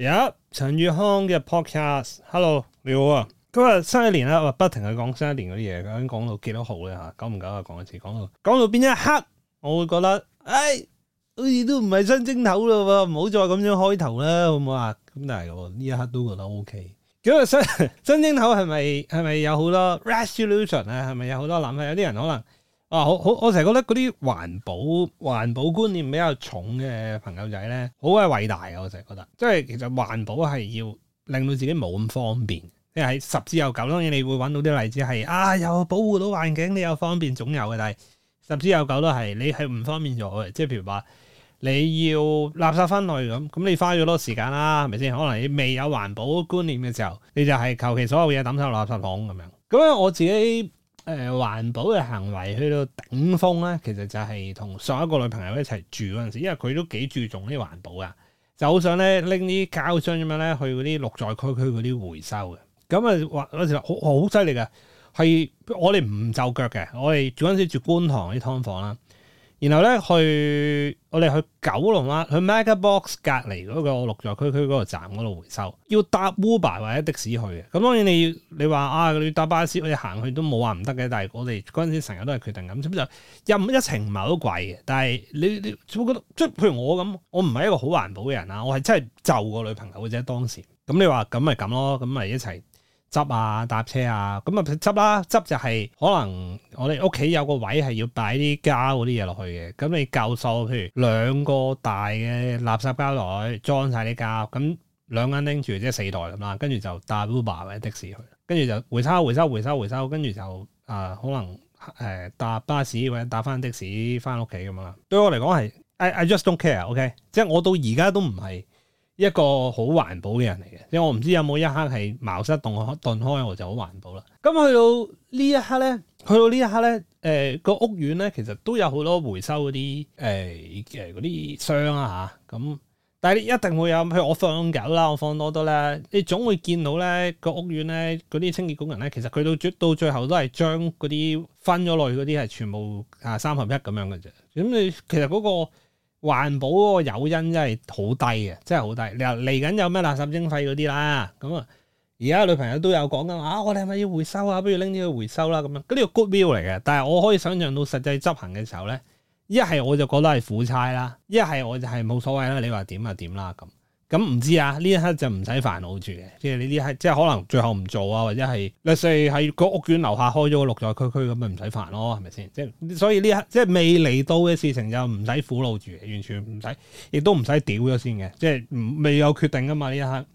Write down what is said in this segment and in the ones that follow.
Yep 陳宇康嘅 podcast，Hello 你好啊，今日新一年啦，不停係講新一年嗰啲嘢，究竟講到幾多號咧？吓，久唔久啊，講一次，講到講到邊一刻，我會覺得，哎，好似都唔係新正頭咯喎，唔好再咁樣開頭啦，好唔好啊？咁但係呢一刻都覺得 OK，咁新新正頭係咪係咪有好多 resolution 啊？係咪有好多諗法？有啲人可能。啊，好好，我成日覺得嗰啲環保環保觀念比較重嘅朋友仔咧，好鬼偉大啊！我成日覺,覺得，即係其實環保係要令到自己冇咁方便，即係十之有九，當然你會揾到啲例子係啊，又保護到環境，你又方便，總有嘅。但係十之有九都係你係唔方便咗，即係譬如話你要垃圾分類咁，咁你花咗好多時間啦，係咪先？可能你未有環保觀念嘅時候，你就係求其所有嘢抌晒落垃圾桶咁樣。咁樣，我自己。誒、呃、環保嘅行為去到頂峰咧，其實就係同上一個女朋友一齊住嗰陣時，因為佢都幾注重呢啲環保啊，就好想咧拎啲膠箱咁樣咧去嗰啲綠在區區嗰啲回收嘅，咁啊話嗰時話好好犀利嘅，係我哋唔就腳嘅，我哋嗰陣時住觀塘啲劏房啦。然後咧，去我哋去九龍啦，去 Mega Box 隔籬嗰個綠在區區嗰個站嗰度回收，要搭 Uber 或者的士去嘅。咁當然你要你話啊，你搭巴士我哋行去都冇話唔得嘅。但係我哋嗰陣時成日都係決定咁，所以就任一程唔係好貴嘅。但係你你，會覺得即係譬如我咁，我唔係一個好環保嘅人啊，我係真係就個女朋友嘅啫。當時咁你話咁咪咁咯，咁咪一齊。執啊，搭車啊，咁啊執啦，執就係可能我哋屋企有個位係要擺啲膠嗰啲嘢落去嘅，咁你夠數，譬如兩個大嘅垃圾膠袋裝晒啲膠，咁兩蚊拎住即係四袋啦，跟住就搭 Uber 或者的士去，跟住就回收回收回收回收，跟住就啊、呃、可能誒搭、呃、巴士或者搭翻的士翻屋企咁啊。對我嚟講係，I I just don't care，OK，、okay? 即係我到而家都唔係。一個好環保嘅人嚟嘅，所以我唔知有冇一刻係茅塞頓開，頓開我就好環保啦。咁、嗯、去到呢一刻咧，去到呢一刻咧，誒、呃、個屋苑咧，其實都有好多回收嗰啲誒誒啲箱啊嚇。咁、嗯、但係你一定會有，譬如我放狗啦，我放多多啦，你總會見到咧個屋苑咧嗰啲清潔工人咧，其實佢到最到最後都係將嗰啲分咗落去嗰啲係全部啊三合一咁樣嘅啫。咁、嗯、你其實嗰、那個。環保嗰個誘因真係好低嘅，真係好低。嗱，嚟緊有咩垃圾徵費嗰啲啦，咁啊，而家女朋友都有講緊話，啊，我哋係咪要回收啊？不如拎啲去回收啦，咁樣，呢個 good bill 嚟嘅。但係我可以想象到實際執行嘅時候咧，一係我就覺得係苦差啦，一係我就係冇所謂啦。你話點就點啦，咁。咁唔、嗯、知啊，呢一刻就唔使煩惱住嘅，即係你呢一刻即係可能最後唔做啊，或者係例如喺個屋苑樓下開咗個綠在區區咁，咪唔使煩咯，係咪先？即係所以呢一刻即係未嚟到嘅事情就唔使苦惱住，完全唔使，亦都唔使屌咗先嘅，即係未有決定噶嘛呢一刻。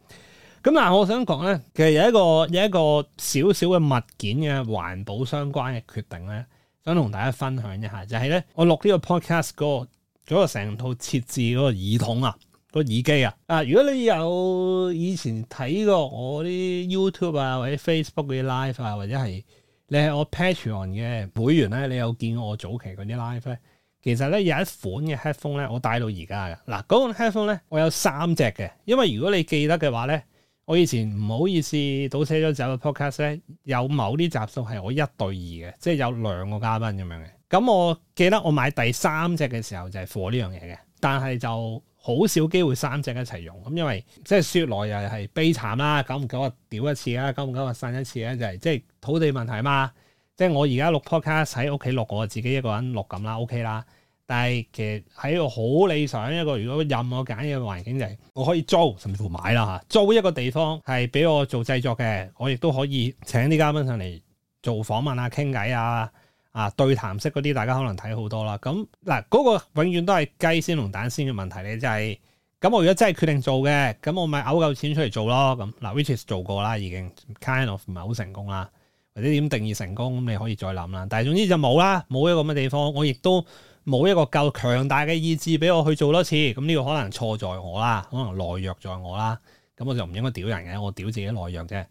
咁嗱，我想講咧，其實有一個有一個少少嘅物件嘅環保相關嘅決定咧，想同大家分享一下，就係、是、咧我錄呢個 Podcast 嗰、那個嗰個成套設置嗰個耳筒啊。個耳機啊！啊，如果你有以前睇過我啲 YouTube 啊，或者 Facebook 嗰啲 live 啊，或者係你係我 Patreon 嘅會員咧，你有見過我早期嗰啲 live 咧？其實咧有一款嘅 headphone 咧，我帶到而家嘅。嗱，嗰個 headphone 咧，我有三隻嘅，因為如果你記得嘅話咧，我以前唔好意思倒車咗走嘅 podcast 咧，有某啲集數係我一對二嘅，即係有兩個嘉賓咁樣嘅。咁我記得我買第三隻嘅時候就係火呢樣嘢嘅，但係就好少機會三隻一齊用，咁因為即係説來又係悲慘啦，九唔九啊屌一次啦，九唔九啊散一次咧，就係即係土地問題嘛。即係我而家錄 podcast 喺屋企錄，我自己一個人錄咁啦，OK 啦。但係其實喺一個好理想一個，如果任我揀嘅環境就係我可以租，甚至乎買啦嚇，租一個地方係俾我做製作嘅，我亦都可以請啲嘉賓上嚟做訪問啊、傾偈啊。啊，對談式嗰啲大家可能睇好多啦。咁嗱，嗰個永遠都係雞先同蛋先嘅問題咧，就係咁。我如果真係決定做嘅，咁我咪嘔夠錢出嚟做咯。咁嗱 which is 做過啦，已經 kind of 唔係好成功啦，或者點定義成功，咁你可以再諗啦。但係總之就冇啦，冇一個咁嘅地方，我亦都冇一個夠強大嘅意志俾我去做多次。咁呢個可能錯在我啦，可能懦弱在我啦。咁我就唔應該屌人嘅，我屌自己懦弱啫。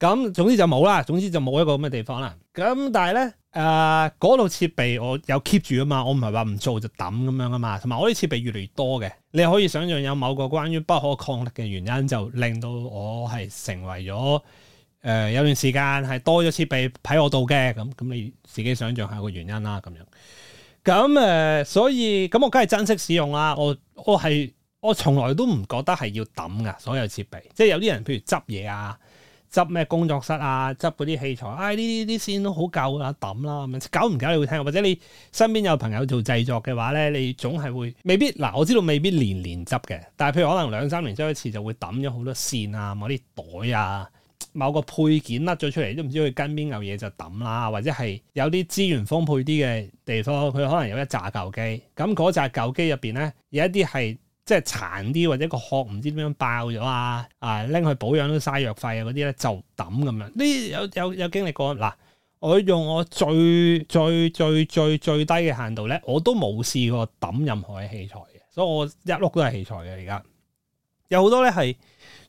咁總之就冇啦，總之就冇一個咁嘅地方啦。咁但係咧。誒，嗰度設備我有 keep 住啊嘛，我唔係話唔做就抌咁樣啊嘛，同埋我啲設備越嚟越多嘅，你可以想象有某個關於不可抗力嘅原因，就令到我係成為咗誒、呃，有段時間係多咗設備喺我度嘅，咁咁你自己想象下個原因啦，咁樣。咁、嗯、誒、呃，所以咁我梗係珍惜使用啦，我我係我從來都唔覺得係要抌噶，所有設備，即係有啲人譬如執嘢啊。執咩工作室啊，執嗰啲器材，哎呢啲啲線都好夠啦，抌啦咁樣。搞唔搞你會聽，或者你身邊有朋友做製作嘅話咧，你總係會未必。嗱，我知道未必年年執嘅，但係譬如可能兩三年之後一次，就會抌咗好多線啊，某啲袋啊，某個配件甩咗出嚟，都唔知佢跟邊嚿嘢就抌啦。或者係有啲資源豐沛啲嘅地方，佢可能有一紮舊機，咁嗰紮舊機入邊咧，有一啲係。即係殘啲或者個殼唔知點樣爆咗啊！啊，拎去保養都嘥藥費啊，嗰啲咧就抌咁樣。呢有有有經歷過嗱，我用我最最最最最低嘅限度咧，我都冇試過抌任何嘅器材嘅，所以我一碌都係器材嘅而家。有好多咧係，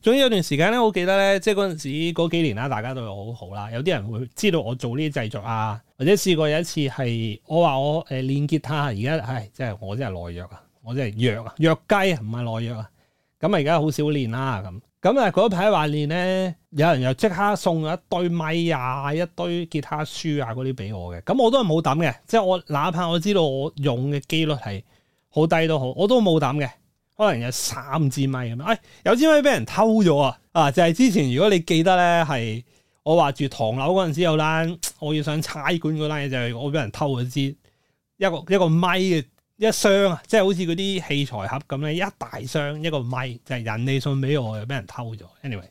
總之有段時間咧，我記得咧，即係嗰陣時嗰幾年啦，大家都係好好啦。有啲人會知道我做呢啲製作啊，或者試過有一次係我話我誒練、呃、結他，而家唉，即係我真係懦弱啊。我真係弱啊，弱雞唔係懦弱啊，咁啊而家好少練啦咁。咁啊嗰排話練咧，有人又即刻送咗一堆米啊、一堆吉他書啊嗰啲俾我嘅。咁、嗯、我都係冇膽嘅，即、就、係、是、我哪怕我知道我用嘅機率係好低都好，我都冇膽嘅。可能有三支米咁、啊，哎有支米俾人偷咗啊！就係、是、之前如果你記得咧，係我話住唐樓嗰陣時有單，我要上差館嗰單嘢就係我俾人偷咗支一個一個米嘅。一箱啊，即係好似嗰啲器材盒咁咧，一大箱一個咪，就係、是、人哋送俾我，又俾人偷咗。Anyway，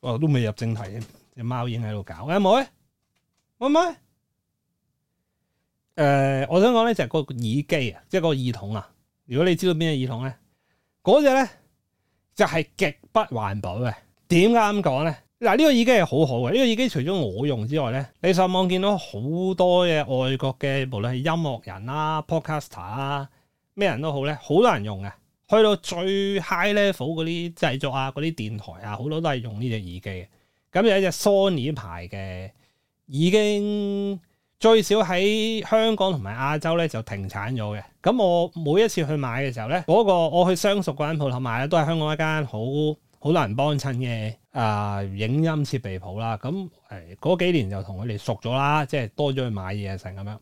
我都未入正題，隻貓已經喺度搞。喂、嗯，妹、嗯，喂、嗯、喂，誒、嗯呃，我想講咧就係個耳機啊，即、就、係、是、個耳筒啊。如果你知道邊隻耳筒咧，嗰隻咧就係極不環保嘅。點解咁講咧？嗱，呢個耳機係好好嘅，呢、這個耳機除咗我用之外咧，你上網見到好多嘅外國嘅無論係音樂人啦、啊、podcaster 啦、啊，咩人都好咧，好多人用嘅。去到最 high level 嗰啲製作啊、嗰啲電台啊，好多都係用呢隻耳機嘅。咁、嗯、有一隻 Sony 牌嘅，已經最少喺香港同埋亞洲咧就停產咗嘅。咁、嗯、我每一次去買嘅時候咧，嗰、那個我去相熟嗰間鋪頭買咧，都係香港一間好好多人幫襯嘅。啊！影音設備鋪啦，咁誒嗰幾年就同佢哋熟咗啦，即係多咗去買嘢成咁樣，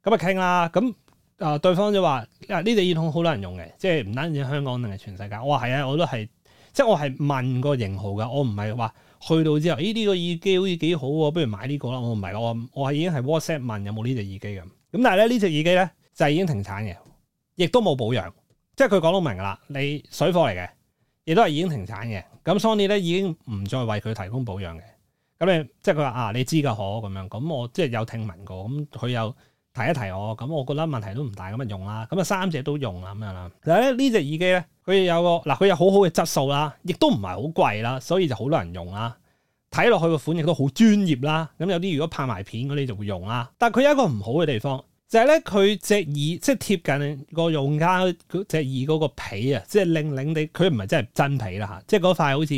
咁啊傾啦，咁啊、呃、對方就話：啊呢隻耳筒好多人用嘅，即係唔單止香港，定係全世界。我話，係啊，我都係，即係我係問個型號嘅，我唔係話去到之後，呢、哎、啲、呢個耳機好似幾好喎，不如買呢個啦。我唔係，我我係已經係 WhatsApp 問有冇呢隻耳機嘅。咁但係咧，呢隻耳機咧就係、已經停產嘅，亦都冇保養，即係佢講到明啦，你水貨嚟嘅。亦都係已經停產嘅，咁 Sony 咧已經唔再為佢提供保養嘅，咁、嗯、你即係佢話啊，你知噶可咁樣，咁、嗯、我即係有聽聞過，咁佢有提一提我，咁、嗯、我覺得問題都唔大，咁咪用啦，咁啊三隻都用啦咁樣啦。嗱呢隻耳機咧，佢有個嗱佢有好好嘅質素啦，亦都唔係好貴啦，所以就好多人用啦。睇落去個款亦都好專業啦，咁、嗯、有啲如果拍埋片嗰啲就會用啦。但係佢有一個唔好嘅地方。就係咧，佢隻耳即係貼近個用家嗰隻耳嗰個皮啊，即係擰擰地，佢唔係真係真皮啦吓，即係嗰塊好似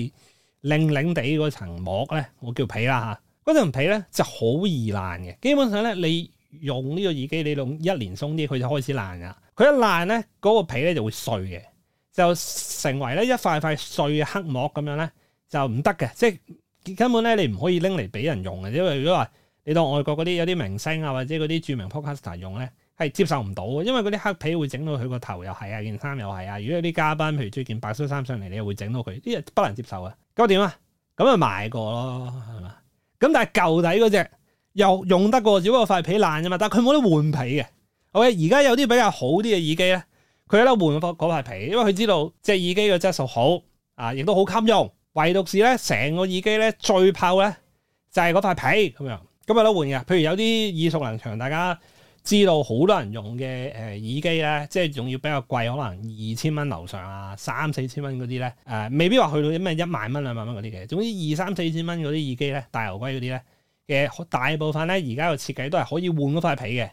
擰擰地嗰層膜咧，我叫皮啦吓，嗰層皮咧就好易爛嘅，基本上咧你用呢個耳機，你用一年鬆啲，佢就開始爛㗎。佢一爛咧，嗰個皮咧就會碎嘅，就成為咧一塊塊碎黑膜咁樣咧，就唔得嘅，即係根本咧你唔可以拎嚟俾人用嘅，因為如果話。你當外國嗰啲有啲明星啊，或者嗰啲著名 Podcaster 用咧，係接受唔到嘅，因為嗰啲黑皮會整到佢個頭又係啊，件衫又係啊。如果有啲嘉賓譬如著件白恤衫上嚟，你又會整到佢，啲、欸、人不能接受嘅。咁點啊？咁啊買過咯，係嘛？咁但係舊底嗰隻又用得過，只不過塊皮爛啫嘛。但係佢冇得換皮嘅。OK，而家有啲比較好啲嘅耳機咧，佢喺度換嗰塊皮，因為佢知道隻耳機嘅質素好啊，亦都好襟用。唯獨是咧，成個耳機咧最爆咧就係、是、嗰塊皮咁樣。今日都換嘅，譬如有啲耳熟能詳，大家知道好多人用嘅誒耳機咧，即係仲要比較貴，可能二千蚊樓上啊，三四千蚊嗰啲咧，誒、呃、未必話去到啲咩一萬蚊兩萬蚊嗰啲嘅，總之二三四千蚊嗰啲耳機咧，大牛龜嗰啲咧嘅大部分咧，而家嘅設計都係可以換嗰塊皮嘅，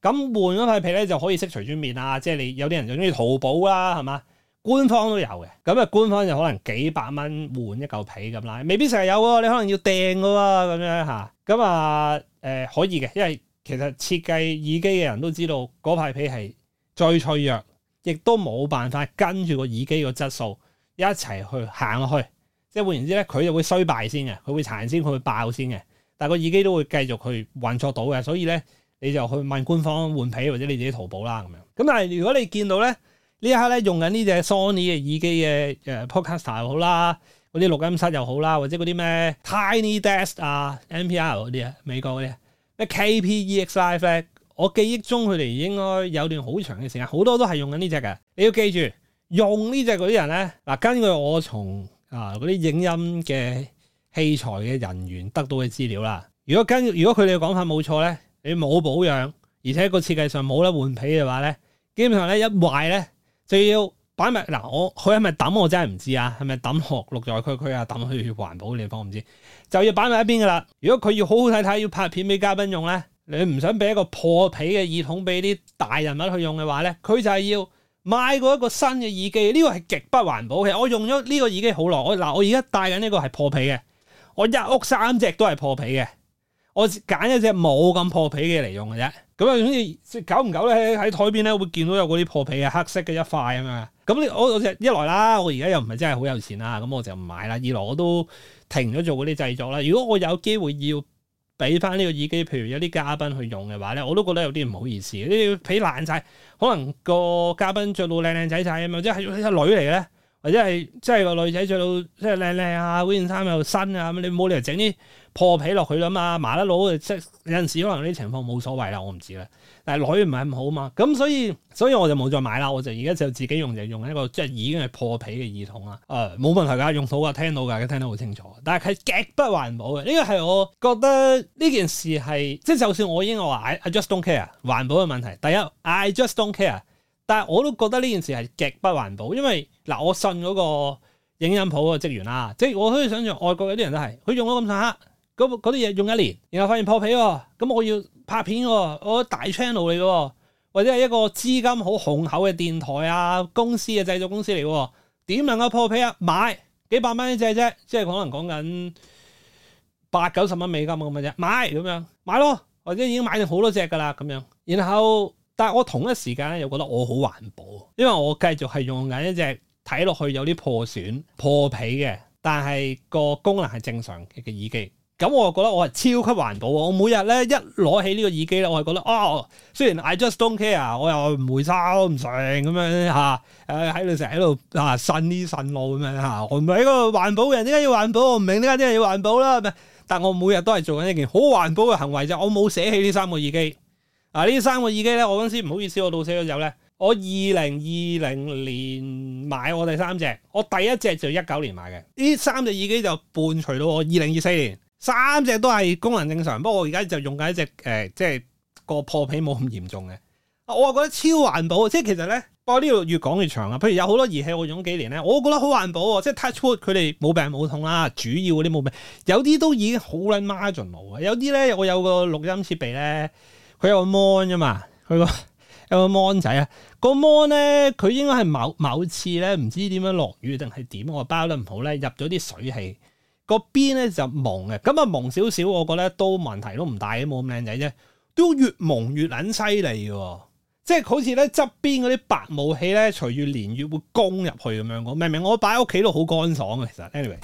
咁換嗰塊皮咧就可以識隨轉面啊！即係你有啲人就中意淘寶啦，係嘛？官方都有嘅，咁啊，官方就可能幾百蚊換一嚿皮咁啦，未必成日有喎，你可能要訂㗎喎，咁樣嚇，咁啊，誒、呃、可以嘅，因為其實設計耳機嘅人都知道嗰塊皮係最脆弱，亦都冇辦法跟住個耳機個質素一齊去行落去，即係換言之咧，佢就會衰敗先嘅，佢會殘先，佢會爆先嘅，但係個耳機都會繼續去運作到嘅，所以咧你就去問官方換皮，或者你自己淘寶啦咁樣。咁但係如果你見到咧。呢一刻咧，用緊呢隻 Sony 嘅耳機嘅，誒 Podcaster 又好啦，嗰啲錄音室又好啦，或者嗰啲咩 Tiny Desk 啊、NPR 嗰啲啊、美國嗰啲啊、KPEX Live，我記憶中佢哋應該有段好長嘅時間，好多都係用緊呢隻嘅。你要記住，用呢隻嗰啲人咧，嗱，根據我從啊嗰啲影音嘅器材嘅人員得到嘅資料啦，如果跟如果佢哋嘅講法冇錯咧，你冇保養，而且個設計上冇得換皮嘅話咧，基本上咧一壞咧。就要擺埋嗱，我佢係咪抌我真係唔知啊，係咪抌落六在區區啊，抌去環保地方我唔知，就要擺埋一邊噶啦。如果佢要好好睇睇，要拍片俾嘉賓用咧，你唔想俾一個破皮嘅耳筒俾啲大人物去用嘅話咧，佢就係要買過一個新嘅耳機。呢個係極不環保嘅，其實我用咗呢個耳機好耐，我嗱我而家戴緊呢個係破皮嘅，我一屋三隻都係破皮嘅。我揀一隻冇咁破皮嘅嚟用嘅啫，咁啊好似久唔久咧喺喺台邊咧會見到有嗰啲破皮嘅黑色嘅一塊咁樣，咁你我只一來啦，我而家又唔係真係好有錢啦，咁我就唔買啦。二來我都停咗做嗰啲製作啦。如果我有機會要俾翻呢個耳機，譬如有啲嘉賓去用嘅話咧，我都覺得有啲唔好意思，呢啲皮爛晒，可能個嘉賓着到靚靚仔仔啊，或者係係女嚟咧。或者係即係個女仔着到即係靚靚啊，嗰件衫又新啊，咁你冇理由整啲破皮落去啦嘛，麻甩佬啊！即係有陣時可能啲情況冇所謂啦，我唔知啦。但係攞嘢唔係咁好啊，咁、嗯、所以所以我就冇再買啦，我就而家就自己用就用一個即係已經係破皮嘅耳筒啊，誒、呃、冇問題㗎，用到㗎，聽到㗎，聽得好清楚。但係係極不環保嘅，呢個係我覺得呢件事係即係就算我已經話 I, I just don't care 環保嘅問題，第一 I just don't care。但係我都覺得呢件事係極不環保，因為嗱，我信嗰個影音鋪嘅個職員啦，即係我可以想象外國有啲人都係佢用咗咁上下，嗰啲嘢用一年，然後發現破皮喎，咁我要拍片喎，我大 channel 嚟嘅，或者係一個資金好雄厚嘅電台啊公司嘅製作公司嚟嘅，點能夠破皮啊？買幾百蚊一隻啫，即係可能講緊八九十蚊美金咁嘅啫，買咁樣買咯，或者已經買咗好多隻噶啦咁樣，然後。但係我同一時間咧，又覺得我好環保，因為我繼續係用緊一隻睇落去有啲破損破皮嘅，但係個功能係正常嘅耳機。咁我就覺得我係超級環保。我每日咧一攞起呢個耳機咧，我係覺得啊、哦，雖然 I just don't care，我又唔回收唔成咁樣嚇，誒喺度成日喺度啊呻呢呻路咁樣嚇。我唔係、啊啊、一個、啊、環保人，點解要環保？我唔明點解啲人要環保啦。但我每日都係做緊一件好環保嘅行為，就我冇捨棄呢三個耳機。嗱，呢、啊、三個耳機咧，我嗰陣時唔好意思，我到死咗之後咧，我二零二零年買我第三隻，我第一隻就一九年買嘅，呢三隻耳機就伴隨到我二零二四年，三隻都係功能正常，不過我而家就用緊一隻，誒、呃，即係個破皮冇咁嚴重嘅，我又覺得超環保，即係其實咧，我呢度越講越長啊，譬如有好多儀器我用咗幾年咧，我覺得好環保喎，即係 TouchWood 佢哋冇病冇痛啦，主要嗰啲冇病，有啲都已經好撚 marginal 啊，有啲咧我有個錄音設備咧。佢有個 mon 啫嘛，佢、個有 mon 仔啊，個 mon 咧佢應該係某某次咧唔知點樣落雨定係點，我包得唔好咧入咗啲水氣，個邊咧就蒙嘅，咁啊蒙少少我覺得都問題都唔大嘅，冇咁靚仔啫，都越蒙越撚犀利嘅，即係好似咧側邊嗰啲白霧氣咧隨住連月會攻入去咁樣嘅，明唔明？我擺喺屋企都好乾爽嘅，其實，anyway。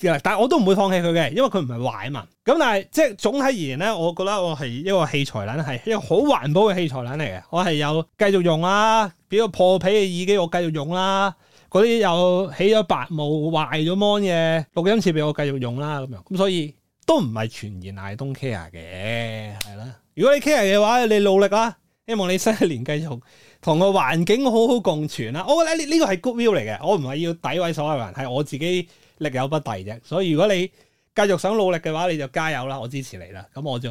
但係我都唔會放棄佢嘅，因為佢唔係壞啊嘛。咁但係即係總體而言咧，我覺得我係一個器材人，係一個好環保嘅器材人嚟嘅。我係有繼續用啦，比如破皮嘅耳機我繼續用啦，嗰啲有起咗白毛壞咗芒嘅錄音設備我繼續用啦咁樣。咁所以都唔係全然係 don't care 嘅，係啦。如果你 care 嘅話，你努力啦，希望你新一年繼續同個環境好好共存啦、哦這個。我咧呢呢個係 good will 嚟嘅，我唔係要詆毀所有人，係我自己。力有不逮啫，所以如果你繼續想努力嘅話，你就加油啦，我支持你啦。咁我就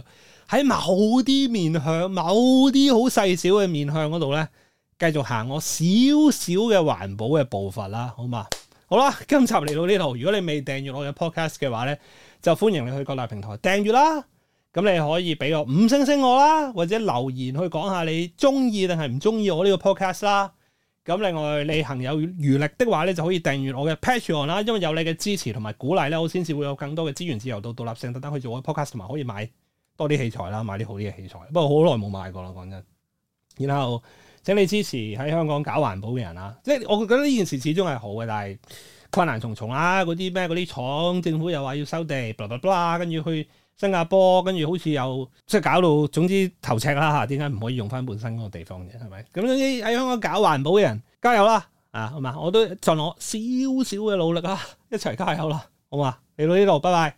喺某啲面向，某啲好細小嘅面向嗰度咧，繼續行我少少嘅環保嘅步伐啦，好嘛？好啦，今集嚟到呢度，如果你未訂閱我嘅 podcast 嘅話咧，就歡迎你去各大平台訂閱啦。咁你可以俾我五星星我啦，或者留言去講下你中意定係唔中意我呢個 podcast 啦。咁另外你行有餘力的話咧，你就可以訂閱我嘅 Patreon 啦，因為有你嘅支持同埋鼓勵咧，我先至會有更多嘅資源、自由度、獨立性特登去做我 podcast 同埋可以買多啲器材啦，買啲好啲嘅器材。不過好耐冇買過啦，講真。然後請你支持喺香港搞環保嘅人啦，即係我覺得呢件事始終係好嘅，但係困難重重啦，嗰啲咩嗰啲廠，政府又話要收地，跟住去。新加坡跟住好似又即係搞到，總之頭赤啦吓，點解唔可以用翻本身嗰個地方嘅係咪？咁總之喺香港搞環保嘅人加油啦，啊好嘛，我都盡我少少嘅努力啦，一齊加油啦，好嘛？嚟到呢度，拜拜。